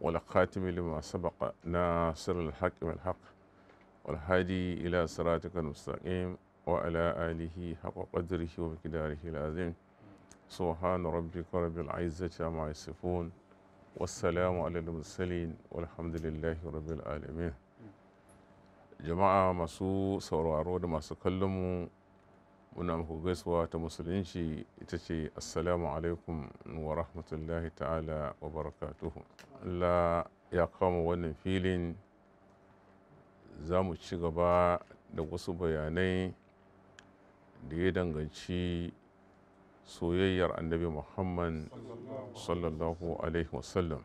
والخاتم لما سبق ناصر الحق بالحق والهادي إلى صراطك المستقيم وعلى آله حق قدره ومقداره العظيم سبحان ربك رب العزة عما يصفون والسلام على المرسلين والحمد لله رب العالمين جماعة مسو sauraro da masu kallonmu muna muku gaisuwa ta musulunci ita ce assalamu alaikum wa Allah ya kama wannan filin za mu ci gaba da wasu bayanai da ya danganci soyayyar annabi muhammad sallallahu alaihi wasallam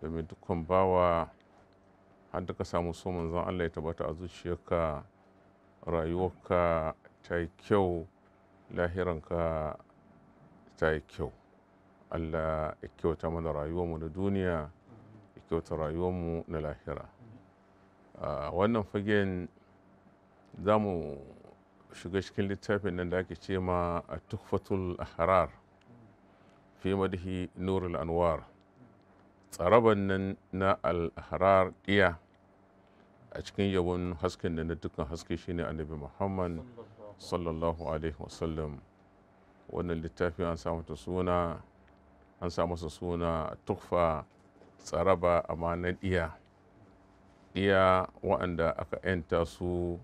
domin dukkan bawa har da ka samu so zan Allah ya tabbata a zuciyarka rayuwarka ta yi kyau lahiranka ta yi kyau allah ya kyauta mana rayuwarmu na duniya ya kyauta rayuwarmu na lahira wannan fagen za mu shiga cikin littafin nan da ake ce ma a tukfatul harar fi madahi nurul anwar tsaraban nan na al-harar ɗiya a cikin yawon hasken da na dukkan haske shine annabi muhammad sallallahu alaihi wasallam wannan littafin an samu ta suna an sa masa suna tufa tsaraba amma na ɗiya ɗiya waɗanda aka 'yanta su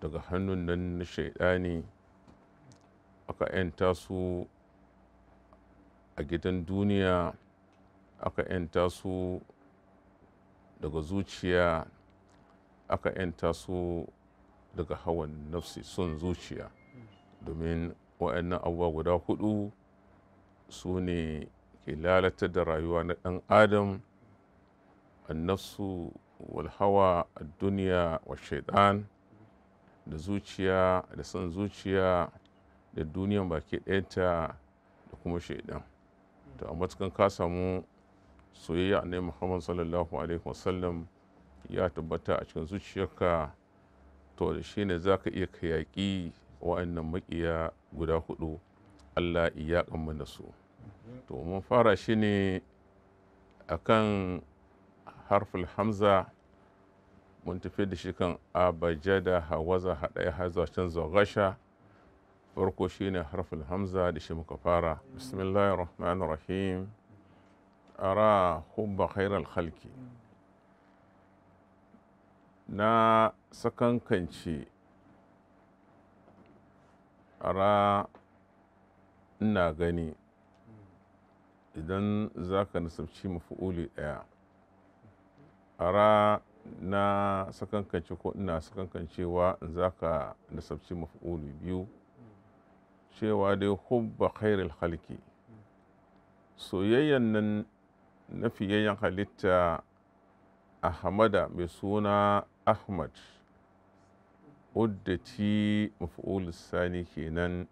daga hannun nan na shaidani aka 'yanta su a gidan duniya aka 'yanta su daga zuciya aka 'yanta su daga hawan nafsi son zuciya domin waɗannan abubuwa guda hudu su ne ke lalata da rayuwa na ɗan adam Anasu walhawa a duniya wa shaidan da zuciya da san zuciya da duniyan baki ɗayanta da kuma shaidan to a matukan ka samu soyayya annabi muhammad sallallahu alaihi wasallam ya tabbata a cikin zuciyarka to da shi ne za ka iya ka yaƙi wa'annan maƙiya guda hudu allah iya da su to mun fara shi ne a kan harful hamza mun tafi da shi kan abajada hawaza haɗaya hazashen zagasha farko shi ne harful hamza da shi muka fara bismillahirrahmanirrahim ara hubba khairal khalki na sakankanci ara ina gani idan za ka nasabci mafi'uli ɗaya ara na sakankance ko ina sakankancewa in za ka nasabci mafi'uli biyu cewa dai hubba khairul halki soyayyan nan na fiyayyen halitta ahmada mai suna ahmad uddati mafi'ulis sani kenan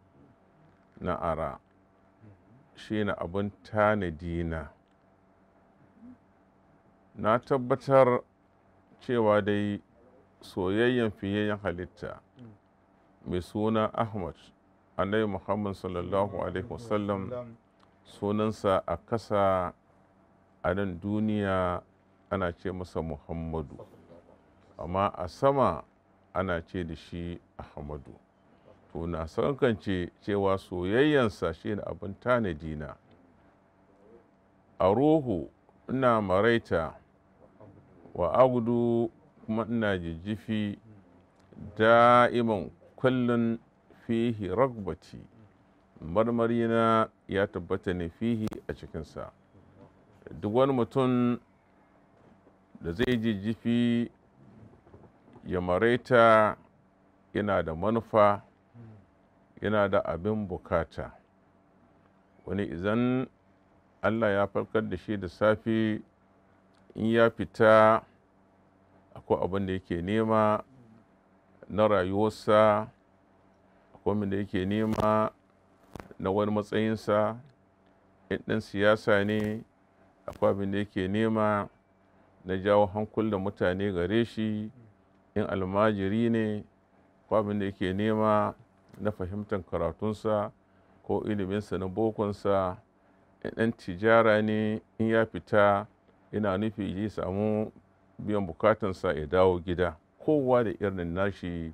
na ara shine abin tanadi na na tabbatar cewa dai soyayyen fiyayyen halitta mai suna ahmad annabi muhammad sallallahu alaihi wasallam sunansa a kasa a nan duniya ana ce masa muhammadu amma a sama ana ce da shi ahmadu to na sankance cewa soyayyansa shine abin tanadi na a ruhu ina maraita wa agudu kuma ina jijjifi da'iman kullum fihi ragbati marmarina ya tabbata ne fihi a cikinsa duk wani mutum da zai jijjifi ya maraita yana da manufa yana da abin bukata wani izan allah ya farkar da shi da safe in ya fita akwai abin da yake nema na rayuwarsa akwai abin da yake nema na wani matsayinsa in ɗan siyasa ne akwai abin da yake nema na jawo hankul da mutane gare shi in almajiri ne akwai abin da yake nema na fahimtar karatunsa ko iliminsa na bokonsa ɗan tijara ne in ya fita ina nufi ya samu biyan bukatansa ya dawo gida kowa da irin nashi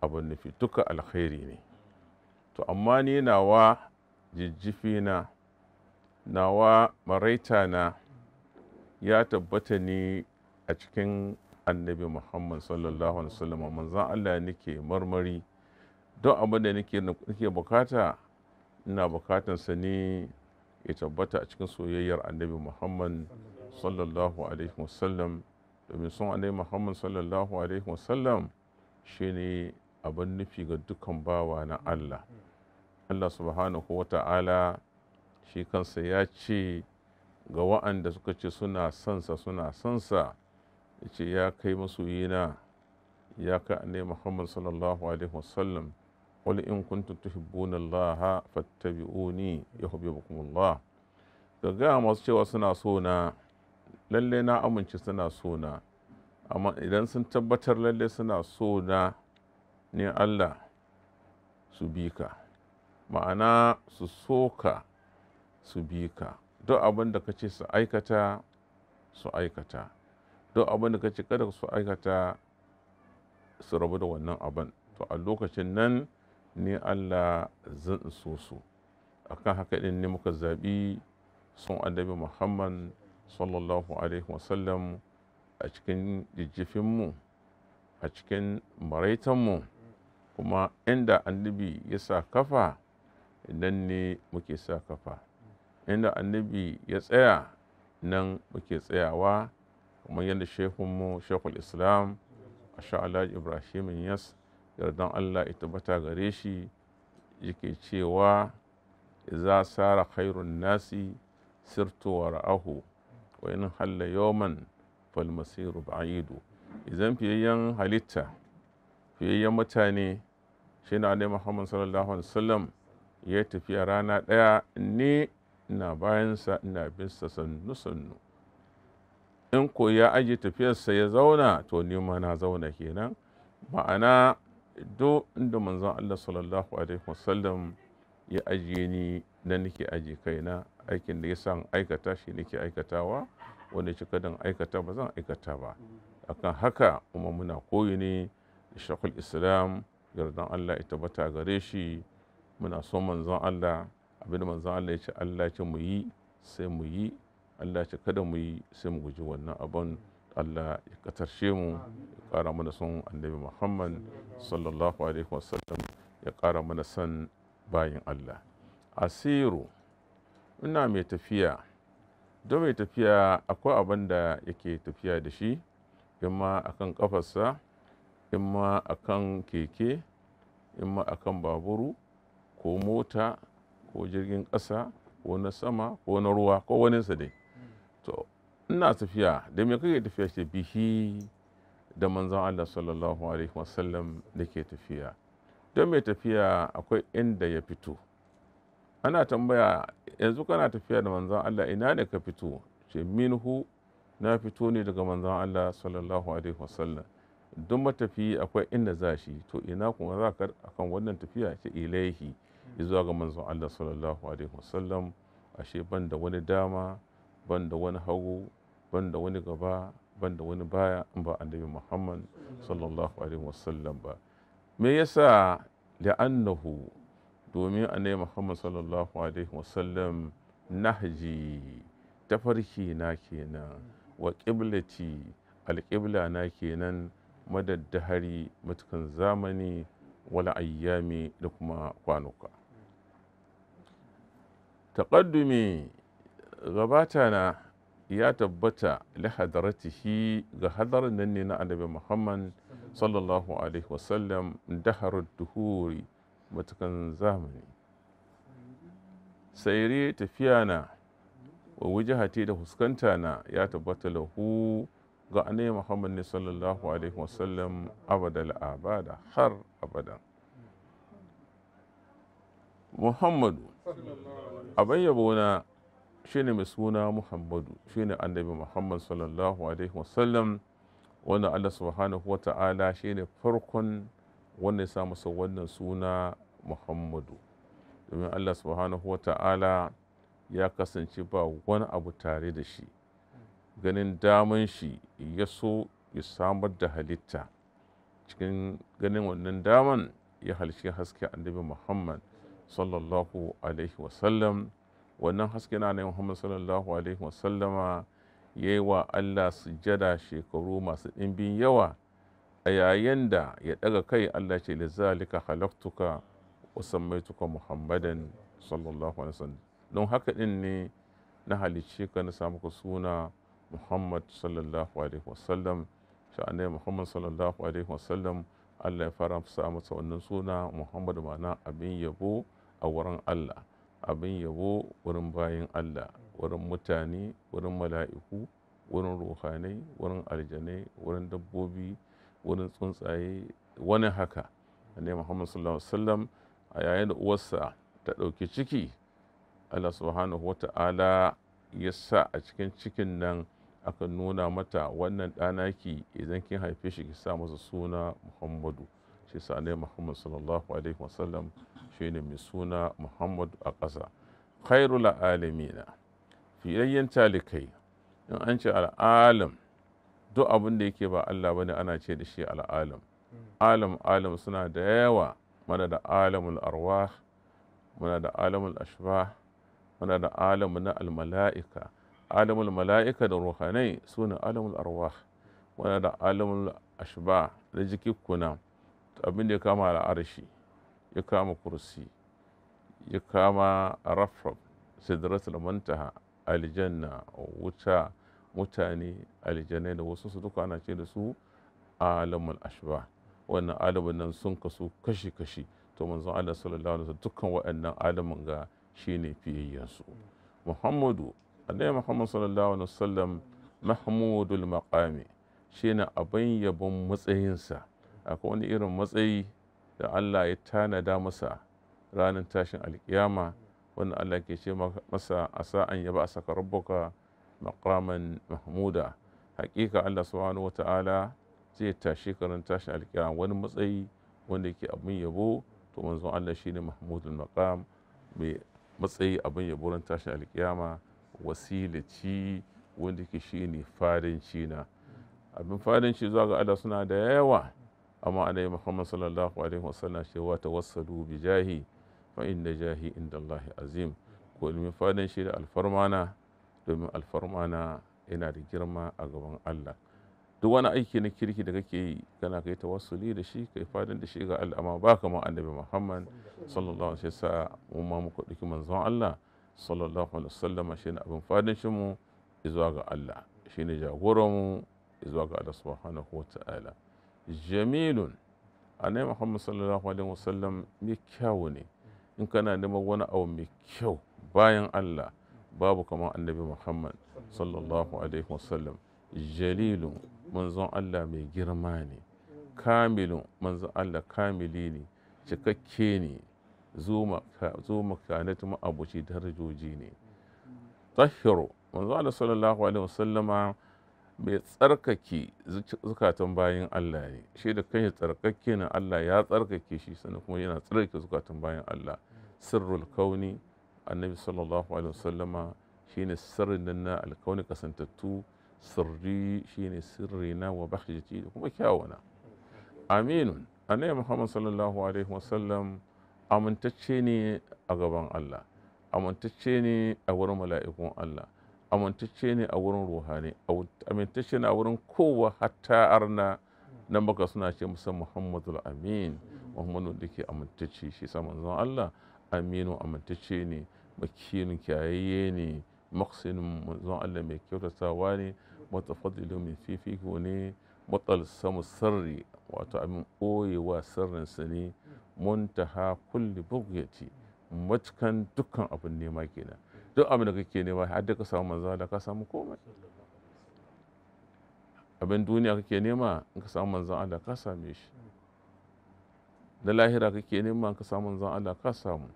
abin nufi duka alkhairi ne to amma ni nawa jijjifi na nawa maraita na ya tabbata ni a cikin annabi muhammad sallallahu alaihi wasallam manzan allah nake marmari don abin da nake bukata ina bukatan sa ne ya tabbata a cikin soyayyar annabi muhammad sallallahu alaihi wasallam domin son annabi muhammad sallallahu alaihi wasallam ne abin nufi ga dukkan bawa na allah allah subhanahu wa ta'ala shi kansa ya ce ga wa'anda suka ce suna sansa suna sansa ya ce ya kai masoyina ya kai annabi muhammad sallallahu alaihi wasallam قل إن كنتم تحبون الله فاتبعوني يحببكم الله ga masu cewa suna sona lalle na amince suna sona amma idan sun tabbatar lalle suna sona ne Allah su bi ka ma'ana su soka su bi ka duk abin da ka ce su aikata su aikata duk abin da ka ce kada su aikata su rabu da wannan abin to a lokacin nan ni allah zan so su akan haka ɗin ne muka zaɓi sun annabi muhammad sallallahu alaihi wasallam a cikin jijjifinmu a cikin maraitanmu kuma inda annabi ya sa kafa nan ne muke sa kafa inda annabi ya tsaya nan muke tsayawa kuma yadda shehunmu shekul islam a sha'ala ibrahim yas yardan Allah ita bata gare shi yake cewa za sara khairun nasi sirtu wa ra'ahu wa in halla yawman fal masiru ba'idu idan fiyayyen halitta fiyayyen mutane shi na ne Muhammad sallallahu alaihi wasallam ya tafiya rana ɗaya ne na bayansa ina binsa sannu sannu in ko ya ajiye tafiyarsa ya zauna to ni ma na zauna kenan ma'ana do inda manzon Allah sallallahu alaihi wasallam ya ajiye ni na nake ajiye kaina aikin da ya san aikata shi nake aikatawa wanda cika don aikata ba zan aikata ba akan haka kuma muna koyi ne shakul islam yardan Allah ita bata gare shi muna so manzon Allah abinda manzon Allah ya ce Allah ce mu yi sai mu yi Allah ce kada mu yi sai mu guji wannan abun Allah ya katarshe mu ya kara mana son annabi Muhammad sallallahu alaihi wasallam ya ƙara mana son bayin Allah asiru ina mai tafiya don mai tafiya akwai abin da yake tafiya da shi in ma akan ƙafarsa in ma akan keke in akan baburu ko mota ko jirgin ƙasa ko na sama ko na ruwa ko waninsa dai to ina tafiya da me kake tafiya ce bihi da manzon Allah sallallahu alaihi wasallam da ke tafiya don mai tafiya akwai inda ya fito ana tambaya yanzu kana tafiya da manzon Allah ina ne ka fito ce minhu na fito ne daga manzon Allah sallallahu alaihi wasallam Don matafi akwai inda za shi to ina kuma za ka akan wannan tafiya ce ilaihi zuwa ga manzon Allah sallallahu alaihi wasallam ashe ban da wani dama ban da wani hagu ban da wani gaba da wani baya in ba annabi muhammad sallallahu alaihi wasallam ba me yasa la'annahu domin annabi muhammad sallallahu alaihi wasallam nahji tafarki na kenan wa al alƙibla na kenan hari matukan zamani wala ayyami da kuma kwanuka taƙaddumi gabata na ya tabbata li hadaratihi ga hadarin nan ne na annabi muhammad sallallahu alaihi wasallam daharar duhuri matukan zamani saire tafiya na wa wujahati da huskanta na ya tabbata lahu ga annabi muhammad ne sallallahu alaihi wasallam abadal abada har abada. muhammadu abin yabona shine mai suna muhammadu shine annabi muhammad sallallahu alaihi wasallam wanda allah subhanahu wa ta'ala shine farkon wanda ya wannan suna muhammadu domin allah subhanahu wa ta'ala ya kasance ba wani abu tare da shi ganin daman shi ya so ya samar da halitta cikin ganin wannan daman ya halshe haske annabi muhammad sallallahu alaihi wasallam wannan haske na ne muhammad sallallahu alaihi wasallama ya yi wa allah jada shekaru masu ɗimbin yawa a yayin da ya ɗaga kai allah ce zalika halaktuka wasammaituka muhammadan sallallahu alaihi wasallam don haka ɗin ne na halicce ka na samu suna muhammad sallallahu alaihi wasallam sha'anai muhammad sallallahu alaihi wasallam allah ya fara sa masa wannan suna muhammad ma'ana abin yabo a wurin allah abin yabo wurin bayan Allah wurin mutane wurin mala'iku wurin ruhanai wurin aljanai wurin dabbobi wurin tsuntsaye wani haka annabi muhammad sallallahu alaihi wasallam a yayin da uwarsa ta ɗauki ciki allah subhanahu wa ta'ala ya sa a cikin cikin nan aka nuna mata wannan ɗanaki idan kin haife shi ki sa masa suna muhammadu shi sa muhammad sallallahu alaihi wasallam shi ne mai suna muhammad a ƙasa khairul alamina fiyayyen talikai in an ce al'alam duk abin da yake ba allah bane ana ce da shi al'alam alam alam suna da yawa muna da alamul arwah muna da alamul ashbah muna da alamu na almala'ika alamul mala'ika da ruhanai su ne alamul arwah muna da alamul ashbah da jikikuna abin da ya kama arshi ya kama kursi ya kama rafraf sidratul muntaha aljanna wuta mutane aljanai da wasu su duka ana ce da su alamul ashba wannan alamun nan sun kasu kashi-kashi to manzon Allah sallallahu alaihi wasallam dukkan waɗannan alamun ga shine su Muhammadu annabi Muhammad sallallahu alaihi wasallam mahmudul maqami shine abin yabon matsayinsa akwai wani irin matsayi da Allah ya tanada masa ranar tashin alkiyama wanda Allah ke ce masa a sa'an ya ba a saka rabbuka maqaman mahmuda hakika Allah subhanahu wata'ala zai tashi karin tashin alkiyama wani matsayi wanda yake abin yabo to Allah shine mahmudul maqam mai matsayi abin yabo ran tashin alkiyama wasilaci wanda shi shine farin cina abin farin ci zuwa ga Allah suna da yawa amma alai muhammad sallallahu alaihi wa sallam wasallam cewa tawassalu bi jahi fa inna jahi inda Allah azim ko min fadan shi da alfarmana domin alfarmana yana da girma a gaban Allah duk wani aiki na kirki da kake yi kana kai tawassuli da shi kai fadan da shi ga Allah amma ba kamar annabi muhammad sallallahu alaihi wa wasallam mu ma muka dauki manzon Allah sallallahu alaihi wa sallam shi na abin fadan shi mu zuwa ga Allah shi shine jagoran mu zuwa ga Allah subhanahu wa ta'ala jamilun annabi muhammad sallallahu alaihi wasallam mai kyau ne in kana neman wani abu mai kyau bayan allah babu kamar annabi muhammad sallallahu alaihi wasallam jalilun manzon allah mai girma ne kamilun manzon allah kamili ne cikakke ne zuma zo makanatu ma'abuci darajoji ne tahiru manzon allah sallallahu alaihi wasallama mai tsarkake zukatan bayan Allah ne shi da kan tsarkake na Allah ya tsarkake shi sannan kuma yana tsarkake zukatan bayan Allah sirrul kauni annabi sallallahu alaihi wasallama shine sirrin nan na alkauni kasantattu sirri shine sirri na wa bahjati da kuma kyawuna. aminun annabi muhammad sallallahu alaihi wasallam amintacce ne a gaban Allah amintacce ne a wurin mala'ikun Allah amintacce ne a wurin ruhani amintacce ne a wurin kowa hatta arna nan baka suna ce musa muhammadul amin muhammadu da ke amintacce shi saman manzon allah aminu amintacce ne makinin kyayaye ne maksinin manzon allah mai kyautatawa ne matafadilu mai fifiko ne matsalsamu sarri wato abin ɓoyewa su ne muntaha kulli bugyaci matukan dukkan abin nema kenan duk abin da kake nema har da ka samu manzon Allah ka samu komai abin duniya kake nema in ka samu manzon Allah ka same shi da lahira kake nema in ka samu manzon Allah ka samu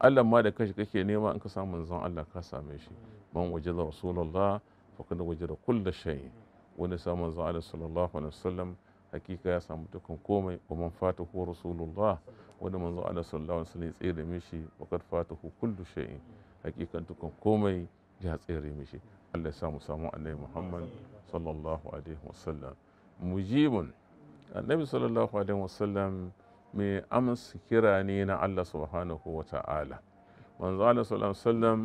Allah ma da kashi kake nema in ka samu manzon Allah ka same shi man wajada rasulullah faqad wajada kullu shay wanda samu manzon Allah sallallahu alaihi wasallam hakika ya samu dukkan komai wa man fatahu rasulullah wanda manzon Allah sallallahu alaihi wasallam ya tsere mishi faqad fatahu kullu shay hakikan tukan komai ya tsere mishi Allah ya samu samu annabi Muhammad sallallahu alaihi wasallam mujibun annabi sallallahu alaihi wasallam mai amsa kira ne na Allah subhanahu wa ta'ala manzo Allah sallallahu alaihi wasallam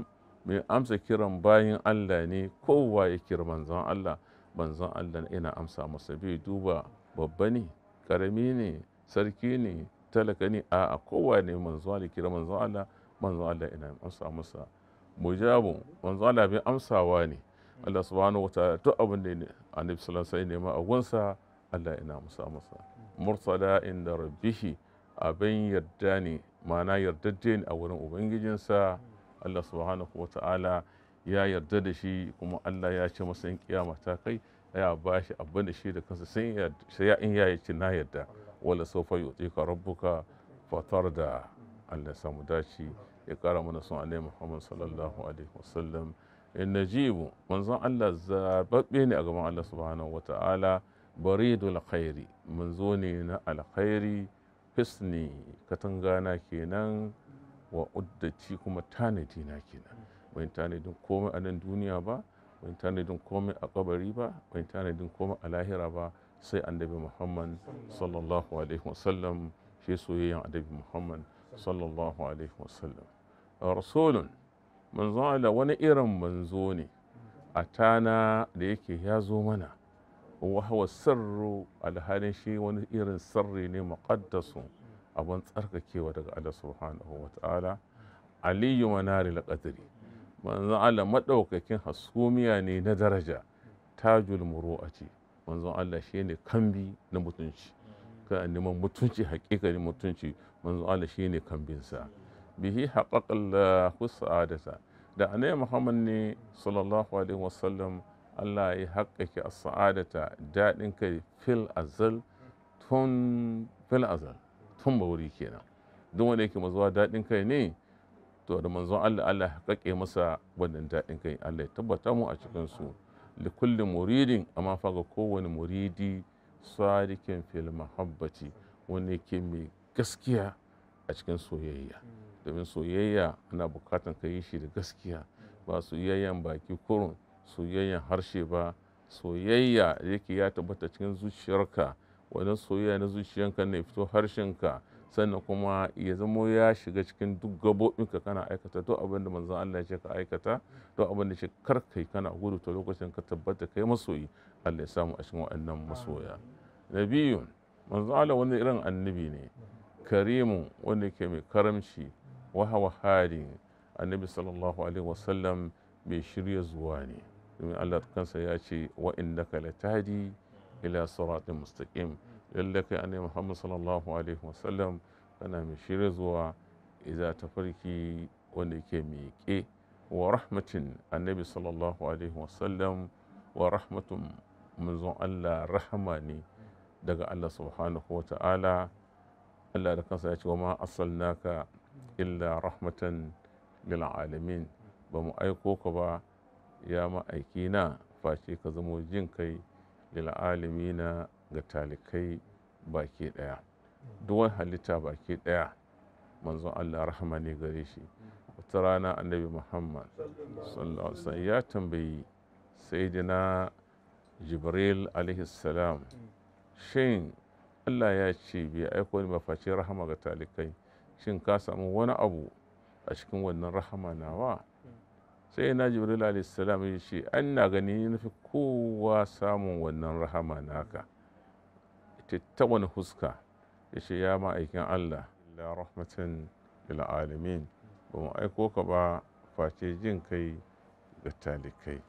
mai amsa kiran bayin Allah ne kowa ya kira manzon Allah manzon Allah ina amsa masa bai duba babba ne karami ne sarki ne talaka ne a'a kowa ne manzo Allah kira manzon Allah manzo Allah ina amsa masa mujabu manzo Allah bai amsawa ne Allah subhanahu wataala duk abin da annabi sallallahu alaihi wasallam nema a gunsa Allah ina amsa masa mursala inda rabbihi abin yarda ne ma'ana yardajje ne a wurin ubangijinsa Allah subhanahu wataala ya yarda da shi kuma Allah ya ce masa in kiyama ta kai ya ba shi abin da shi da kansa sai ya in ya yi na yarda wala sofa yutika rabbuka fatar da Allah samu dace ya kara mana son annabi Muhammad sallallahu alaihi wasallam in najibu manzon Allah zababbe ne a gaban Allah subhanahu wata'ala baridul khairi manzo ne na alkhairi fisni katangana kenan wa uddaci kuma tanadi na kenan bai tanadin komai a nan duniya ba wani tanadin komai a kabari ba wani tanadin komai a lahira ba sai annabi Muhammad sallallahu alaihi wasallam shi soyayyen annabi Muhammad sallallahu alaihi wasallam rasulun manzon Allah wani irin manzo ne a tana da yake ya zo mana wa hawa sirru alhalin shi wani irin sirri ne muqaddasu abin tsarkakewa daga Allah subhanahu wa ta'ala aliyu manari al-qadri manzon Allah madaukakin hasumiya ne na daraja tajul muru'ati manzon Allah ne kambi na mutunci kan neman mutunci hakikanin mutunci manzon Allah shine kambinsa bihi haƙaƙallahu sa'adata da annabi muhammad ne sallallahu alaihi wasallam allah ya haƙƙaƙe a sa'adata daɗin kai fil azal tun fil azal tun bauri kenan duk wanda yake mazuwa daɗin kai ne to da manzon allah allah haƙƙaƙe masa wannan daɗin kai allah ya tabbata mu a cikin su likullin muridin amma fa ga kowane muridi sadikin fil mahabbati wanda yake mai gaskiya a cikin soyayya domin soyayya ana bukatan ka yi shi da gaskiya ba soyayyan baki kurun soyayyan harshe ba soyayya yake ya tabbata cikin zuciyarka wannan soyayya na zuciyanka ne fito harshenka sannan kuma ya zamo ya shiga cikin duk gabobinka kana aikata duk abin da manzon Allah ya ce ka aikata duk abin da ya ce kai kana gudu ta lokacin ka tabbata kai masoyi Allah ya samu a cikin waɗannan masoya na biyu manzon Allah wani irin annabi ne Karimu wanda ke mai karamci wahawa hari annabi sallallahu alaihi wasallam mai shirya zuwa ne domin allah kansa ya ce wa ka latadi ila siratin mustaqim lallai kai annabi muhammad sallallahu alaihi wasallam kana mai shirya zuwa idza tafarki wanda yake miƙe wa rahmatin annabi sallallahu alaihi wasallam wa rahmatun manzon allah rahama ne daga allah subhanahu wa ta'ala allah da kansa ya ce wa ma asalnaka illa rahmatan lil alamin ba mu aiko ka ba ya ma'aiki na face ka zamo jin kai lil na ga talikai baki daya Duwan halitta baki daya manzon Allah rahama ne gare shi wata rana annabi Muhammad sallallahu alaihi ya tambayi saidina Jibril alaihi salam shin Allah ya ce bai aiko ni mafaci rahama ga talikai shin ka samu wani abu a cikin wannan rahama nawa sai na jibril alaihissalam ya ce an na gani ya fi kowa samun wannan rahama naka ta wani huska ya ce ya ma'aikin allah la rahmatan alamin ba mu aiko ka ba face jin kai ga talikai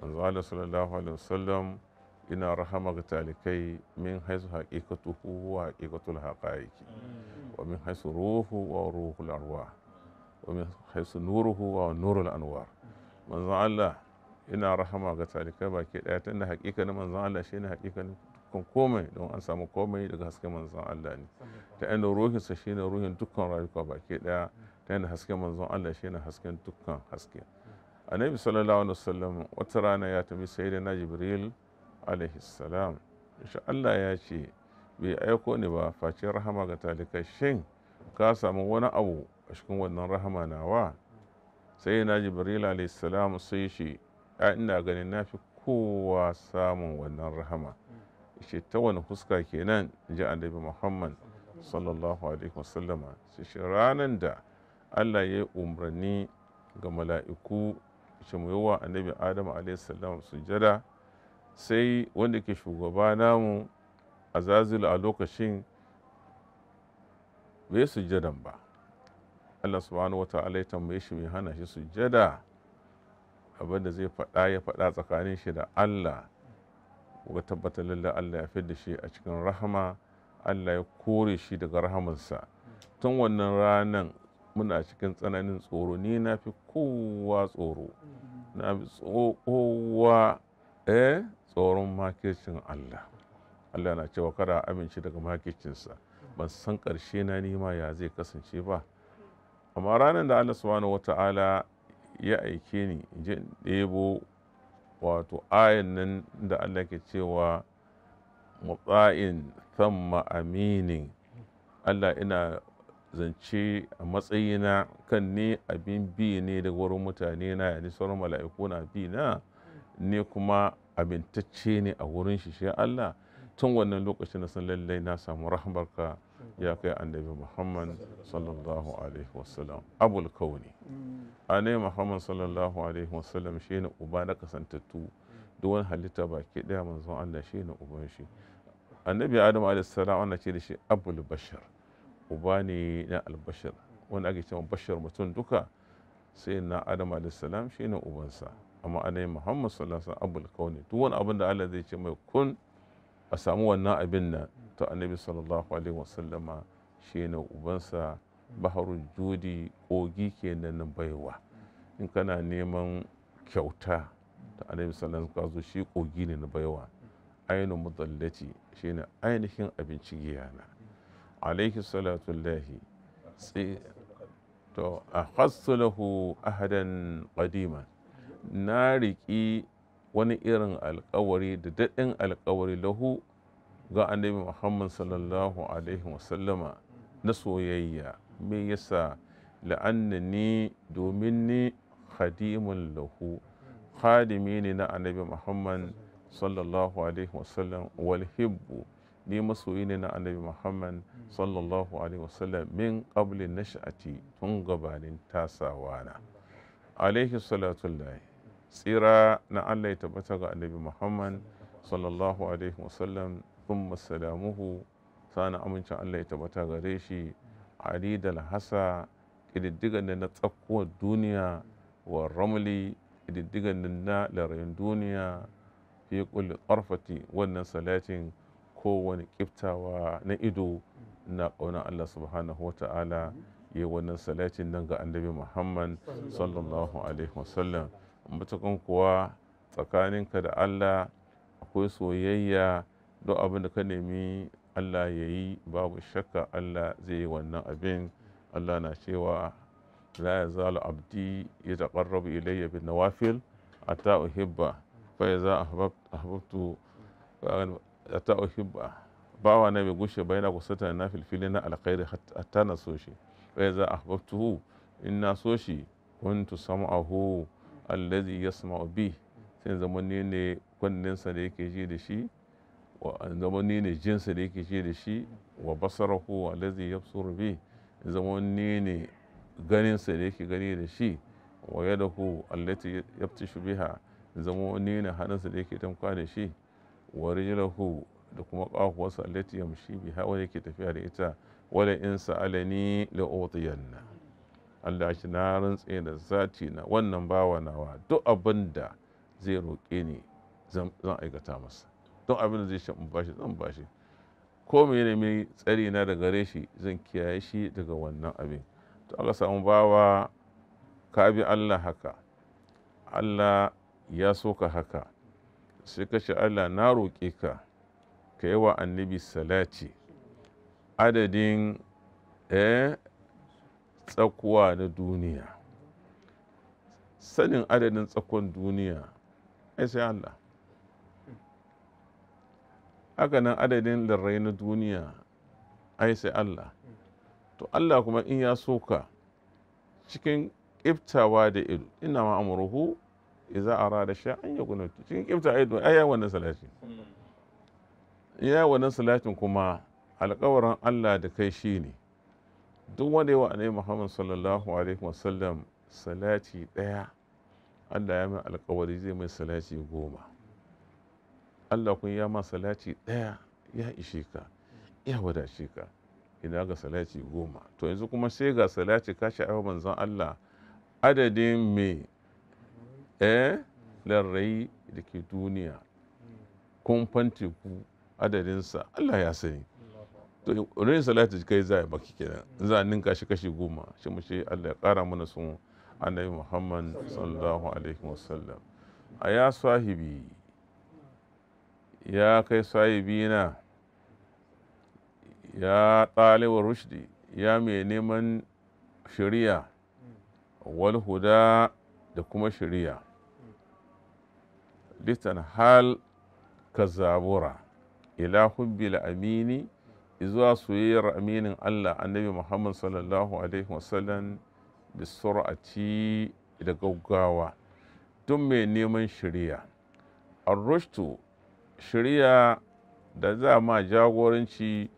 manzo allah sallallahu alaihi wasallam ina rahama ga talikai min haizu haqiqatuhu wa haqiqatul haqaiqi ومن حيث روحه وروح الأرواح ومن حيث نوره ونور الأنوار manzon Allah ina rahama ga talikai baki daya tunda hakikanin manzon Allah shine hakikanin komai don an samu komai daga hasken manzon Allah ne ta inda ruhinsa shine ruhin dukkan rayuka baki daya ta inda hasken manzon Allah shine hasken dukkan haske annabi sallallahu alaihi wasallam wata rana ya tambayi sayyidina jibril alaihi salam insha Allah ya ce bai aiko ni ba face rahama ga talika shin ka samu wani abu a cikin wannan rahama nawa sai na jibril alaihissalam sai shi a ina ganin na fi kowa samun wannan rahama ce ta wani huska kenan ji annabi muhammad sallallahu alaihi wasallama shi ranar da allah ya yi umarni ga mala'iku shi mu yi wa annabi adam alaihissalam sujada sai wanda ke shugaba namu azazil a lokacin bai sujjadan ba Allah subhanahu wata ya tambaye shi mai hana shi sujjada abin da zai faɗa ya faɗa tsakanin shi da Allah ga tabbatar lallai Allah ya fidda shi a cikin rahama Allah ya kore shi daga rahamansa tun wannan ranan muna cikin tsananin tsoro ni na fi kowa tsoro na fi kowa eh tsoron makircin Allah Allah na cewa kada amince daga mahakicinsa ban san karshe na nima ya zai kasance ba amma ranar da Allah subhanahu wata'ala ya aike ni in je ɗebo wato ayan nan da Allah ke cewa mutsa'in thamma aminin Allah ina zance a matsayina kan ne abin bi ne daga wurin mutane na yani sauran mala'iku na bi na ne kuma abintacce ne a wurin shi shi Allah tun wannan lokacin na san lallai na samu rahmarka ya kai annabi muhammad sallallahu alaihi wasallam abul kauni mm. annabi muhammad sallallahu alaihi wasallam shi ne uba na kasantattu mm. duk wani halitta baki daya manzon allah shi ne uban shi annabi adam alaihi salam ana ce da shi abul bashar uba ne na albashar Wani ake cewa bashar mutum duka sai na adam alaihi salam shi ne ubansa amma annabi muhammad sallallahu alaihi wasallam abul kauni duk wani abin da allah zai ce mai kun a samu wannan abin nan ta annabi sallallahu alaihi wasallama shi ne ubansa baharun judi kogi ke nan baiwa in kana neman kyauta ta annabi sallallahu alaihi wasallam shi kogi ne na baiwa ainihin mutallaci shi ne ainihin abinci giyana alaihi salatu lahi to a lahu ahadan qadima na riƙi wani irin alkawari da daɗin alkawari lahu ga annabi muhammad sallallahu alaihi wasallama na soyayya me yasa la'anna ni domin ni khadimun lahu khadimi ne na annabi muhammad sallallahu alaihi wasallam walhibbu ni masoyi ne na annabi muhammad sallallahu alaihi wasallam min na nash'ati tun gabanin tasawana alaihi salatullahi tsira na Allah ya tabbata ga annabi Muhammad sallallahu alaihi wasallam thumma masalamuhu sana amincin Allah ya tabbata gare shi Ali da Hasa ƙididdigan da na tsakuwar duniya wa ramli ƙididdigan da na larayin duniya fi kulli ƙarfati wannan salatin kowane ƙiftawa na ido na ƙaunar Allah subhanahu wa ta'ala yi wannan salatin nan ga annabi Muhammad sallallahu alaihi wasallam matukan kuwa tsakaninka da Allah akwai soyayya duk abin da ka nemi Allah ya yi babu shakka Allah zai yi wannan abin Allah na cewa la ya zalu abdi ya taƙarrabu ilayya bin nawafil ata uhibba fa ya za ahbabtu ata uhibba bawa na bai gushe bai na kusata na filfili na alkhairi hatta na so shi fa ya za ahbabtuhu in na so shi kuntu sam'ahu allazi yasma'u bi sai zama ne ne kunninsa da yake ji da shi wa zama ne jinsa da yake ji da shi wa basarahu allazi yabsuru bi zama ne ne ganinsa da yake gani da shi wa yadahu allati yabtishu biha zama ne ne hannunsa da yake tamka da shi wa rijlahu da kuma ƙahuwarsa allati yamshi biha wanda yake tafiya da ita wala in sa'alani la Allah shi na rantse da zati na wannan bawa nawa duk abin da zai roƙe ni zan aikata masa don abin da zai shan in bashi zan bashi ko me ne mai tsari na da gare shi zan kiyaye shi daga wannan abin to aka samu bawa ka bi Allah haka Allah ya so ka haka sai ka ce Allah na roƙe ka ka yi wa annabi salati adadin eh tsakuwa na duniya sanin adadin tsakon duniya ai sai Allah haka nan adadin lirrai na duniya ai sai Allah to Allah kuma in ya soka cikin ƙiftawa da ido ina ma amurhu iza arada sha'an ya guna cikin ƙifta ido ai ya wannan salatin ya wannan salatin kuma alƙawarin Allah da kai shine ne duk wanda yawa annabi Muhammad sallallahu alaihi wasallam salati ɗaya Allah ya mai alkawari zai mai salati goma Allah kun ya ma salati ɗaya ya ishe ka ya wadace ka ina ga salati goma to yanzu kuma sai ga salati ka sha'awar manzon Allah adadin me eh larrai da ke duniya kumfan teku adadinsa Allah ya sani to rin salati kai za a baki kenan za a ninka kashi goma shi mu ce Allah ya kara mana sun annabi Muhammad sallallahu alaihi wasallam a ya sahibi ya kai sahibi na ya ɗalibar rushdi ya mai neman shari'a wal huda da kuma shari'a listan hal ka zabura ila hubbil amini zuwa soyayyar aminin Allah annabi Muhammad sallallahu alaihi wasallam da sur'aci da gaggawa don mai neman shirya rushtu shirya da za ma jagoranci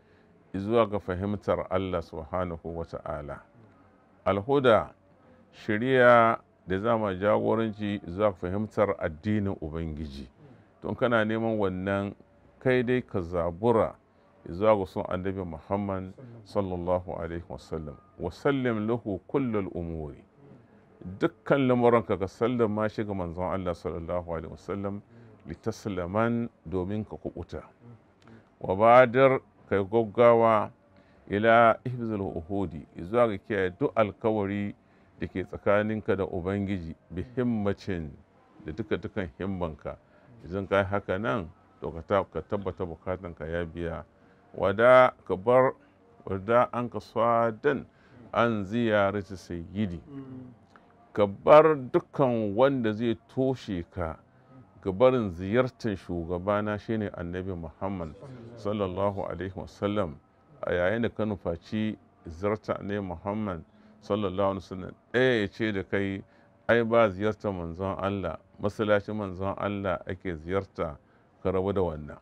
zuwa ga fahimtar Allah subhanahu wa ta'ala alhuda shirya da za ma jagoranci zuwa ga fahimtar addinin ubangiji don kana neman wannan kai dai ka zabura zuwa ga sun annabi muhammad sallallahu alaihi wasallam wasallam lahu kullal umuri dukkan lamuranka ka sallama shi ga manzon allah sallallahu alaihi wasallam litaslaman domin ka kubuta wa badar kai gaggawa ila ihzul uhudi zuwa ga kiyaye duk alkawari da ke tsakaninka da ubangiji bi himmacin da duka dukan himmanka idan ka haka nan to ka tabbata bukatanka ya biya wada ka bar wada an ka swadan an ziyarci sayyidi ka bar dukkan wanda zai toshe ka ga barin ziyartar shugabana shine annabi muhammad sallallahu alaihi wasallam a yayin da ka nufaci ziyarta ne muhammad sallallahu alaihi wasallam ɗaya ya ce da kai ai ba ziyartar manzon allah masallacin manzon allah ake ziyarta ka rabu da wannan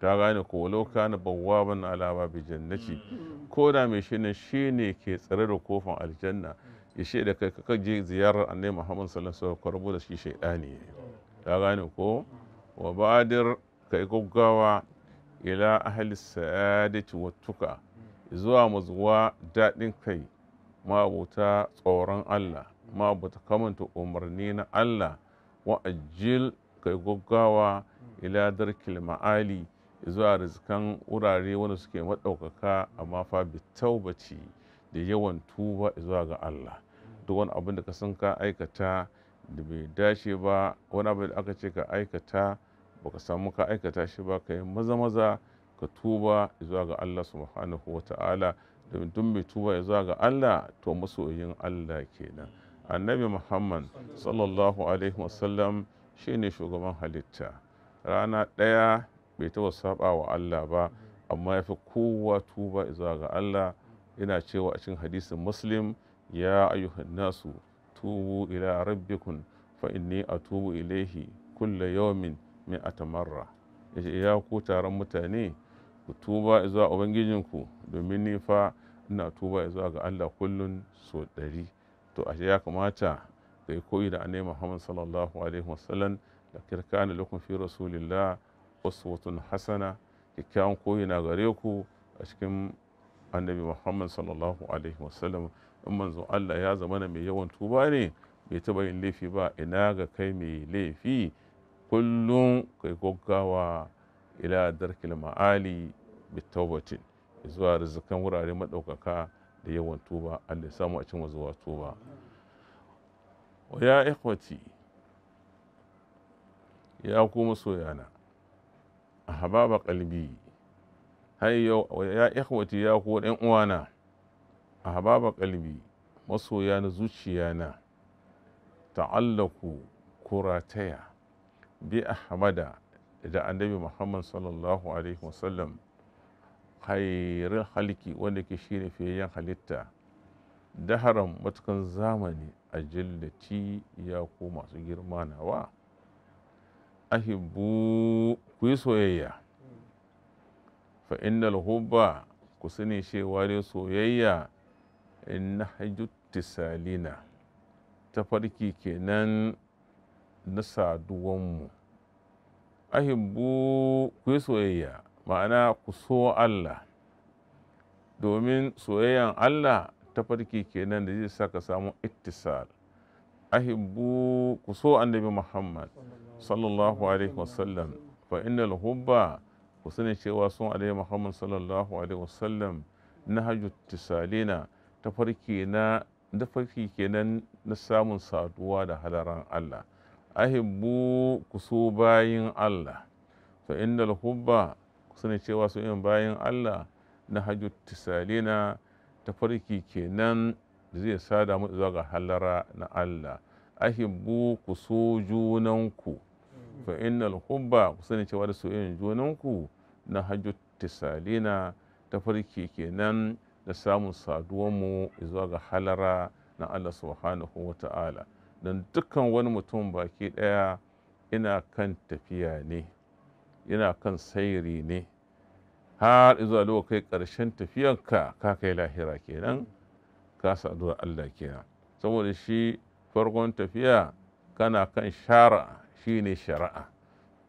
ta gane ko walau kana bawaban alaba bi jannati mm-hmm. ko da mai shi shi ne ke tsare da kofin aljanna ya she da kai ka je ziyarar annabi Muhammad sallallahu alaihi wasallam karbo da shi shaydani ta gane ko wa badir kai gaggawa ila ahli sa'adati tuka zuwa mazuwa daɗin kai ta tsoron Allah mabuta kamanta umarni na Allah ajil kai gaggawa ila darkil ma'ali zuwa rizikan wurare wanda suke maɗaukaka amma fa bi taubaci da yawan tuba zuwa ga Allah duk wani abin da ka san ka aikata da bai dace ba wani abin da aka ce ka aikata baka samu ka aikata shi ba ka yi maza maza ka tuba zuwa ga Allah subhanahu wa ta'ala domin duk mai tuba zuwa ga Allah to masoyin Allah kenan annabi Muhammad sallallahu alaihi wasallam shine shugaban halitta rana ɗaya bai taba saba wa Allah ba amma ya fi kowa tuba zuwa ga Allah Ina cewa a cikin hadisin muslim ya ayyuhan nasu tubu ila rabbikun fa inni atubu ilaihi kulla yawmin min atamarra yace ya ku taron mutane ku tuba zuwa ubangijinku domin ni fa ina tuba zuwa ga Allah kullun so ɗari to a ya kamata kai koyi da annabi Muhammad sallallahu alaihi wasallam da kirkani lakum fi rasulillah uswatun hasana kyakkyawan koyi na gare ku a cikin annabi muhammad sallallahu alaihi wasallam in manzo allah ya zama mai yawan tuba ne bai taba yin laifi ba ina ga kai mai laifi kullum kai gaggawa ila darkil ma'ali bitawbatin zuwa rizikan wurare madaukaka da yawan tuba allah ya samu a cin zuwa tuba ya ikwati ya kuma soyana hababa kalbi hayyo ya ikhwati ya ko ɗan uwana a hababa kalbi masoya na zuciya na ta'allaku kurataya bi ahmada da annabi muhammad sallallahu alaihi wasallam halki wanda ke shine fiyayyen halitta daharan matukan zamani a jillati ya ko masu girma nawa ahibbu ku yi soyayya fa innal hubba ku sani cewa dai soyayya in hajju tisalina ta farki kenan na saduwanmu ahibbu ku yi soyayya ma'ana ku so Allah domin soyayyan Allah ta farki kenan da zai saka samu ittisal ahibbu ku so annabi Muhammad sallallahu alaihi wasallam fa innal hubba ku sani cewa sun alaihi muhammad sallallahu alaihi wasallam na hajju tisalina ta farki na da farki kenan na samun saduwa da halaran Allah ahibbu ku so bayin Allah fa innal hubba ku sani cewa su yin bayin Allah na hajju tisalina ta farki kenan zai sada mu zuwa ga halara na Allah ahibbu ku so junanku fa innal hubba ku sani cewa da soyayyan junanku na hajju tisalina ta farki kenan da samun mu zuwa ga halara na Allah subhanahu wa ta'ala don dukkan wani mutum baki ɗaya ina kan tafiya ne ina kan sairi ne har zuwa lokacin ƙarshen tafiyanka ka kai lahira kenan ka saduwa Allah kenan saboda shi farkon tafiya kana kan shara shine shari'a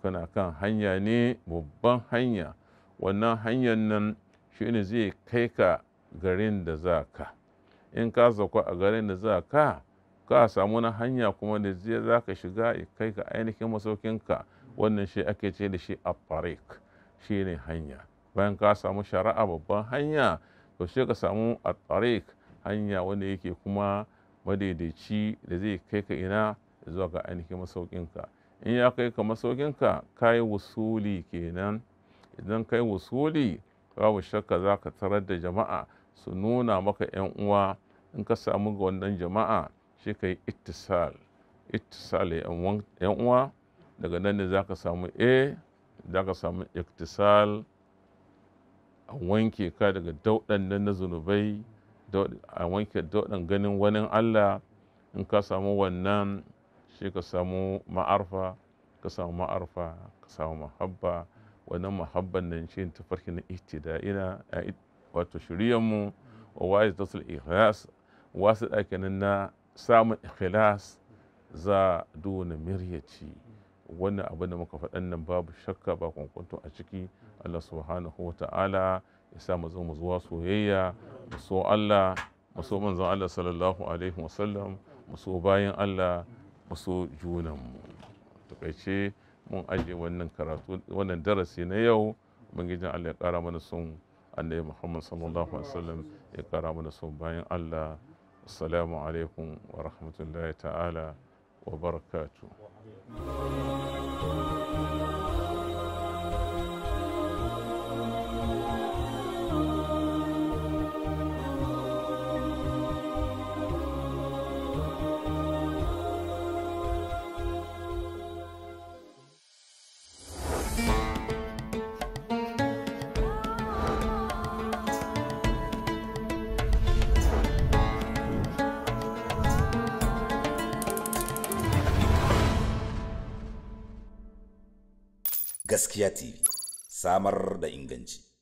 kana kan hanya ne babban hanya wannan hanyar nan shine zai kai ka garin da za ka in ka sauka a garin da za ka ka samu na hanya kuma da zai za ka shiga ya kai ka ainihin masaukinka wannan shi ake ce da shi a farik shi ne hanya bayan ka samu shari'a babban hanya to shi ka samu a farik hanya wanda yake kuma madaidaici da zai kai ka ina zuwa ga ainihin masaukinka in ya kai ka masaukinka ka yi wusuli kenan idan ka yi wusuli babu shakka za ka tarar da jama'a su nuna maka 'yan uwa in ka samu ga wannan jama'a shi ka yi ittisal ittisal yan uwa daga nan ne za ka samu a za ka samu iktisal a wanke ka daga daudan nan na zunubai a wanke daudan ganin wani allah in ka samu wannan sai ka samu ma'arfa ka samu ma'arfa ka samu mahabba wannan mahabban nan shi tafarki na ihtida'ina wato mu wa wa'iz tasul ikhlas wasu ɗakinan na samun ikhlas za duna miryaci wannan abin da muka faɗan nan babu shakka ba kwankwanto a ciki Allah subhanahu wa ta'ala ya sa mu zama zuwa soyayya mu so Allah mu so manzon Allah sallallahu alaihi wasallam mu so bayan Allah mu so junanmu takaice mun ajiye wannan karatu wannan darasi na yau ubangijin allah ya kara mana son annabi muhammad sallallahu alaihi wasallam ya kara mana son bayan allah assalamu alaikum wa rahmatullahi ta'ala wa barakatuh samar da inganci